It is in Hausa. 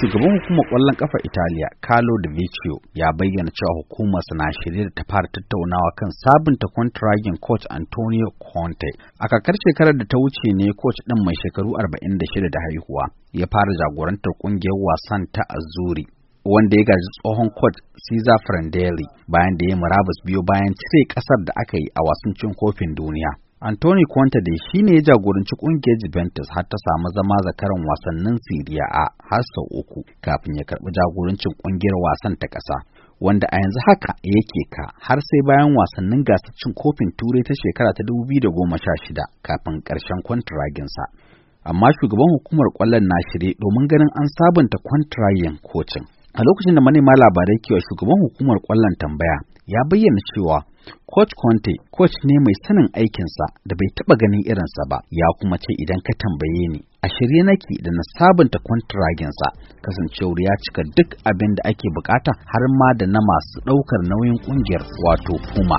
shugaban hukumar kwallon kafa Italiya Carlo Di Vecchio ya bayyana cewa hukumar na shirye da ta fara tattaunawa kan sabunta kwantiragin coach Antonio Conte. A kakar shekarar da ta wuce ne coach ɗin mai shekaru 46 da haihuwa ya fara jagorantar ƙungiyar wasan ta Azzurri. Wanda ya gaji tsohon coach Cesar Frandelli, bayan da ya murabus biyo bayan cire ƙasar da aka yi a wasan cin kofin duniya. Anthony Conte dai shi ne ya jagoranci kungiyar Juventus har ta samu zama zakaran wasannin Serie A har sau uku kafin ya karɓi jagorancin ƙungiyar wasan ta ƙasa. Wanda a yanzu haka yake ka har sai bayan wasannin gasar cin kofin turai ta shekara ta 2016 kafin ƙarshen kwantiraginsa. Amma shugaban hukumar ƙwallon na shirye domin ganin an sabunta kwantirayin kocin. A lokacin da manema labarai kewa shugaban hukumar ƙwallon tambaya ya bayyana cewa Coach Conte, coach ne mai sanin aikinsa da bai taɓa ganin irinsa ba, ya kuma ce idan ka tambaye ni, a shirye nake da na sabunta kwantiraginsa kasancewar ya cika duk abin da ake bukata har ma da na masu ɗaukar nauyin ƙungiyar wato Puma.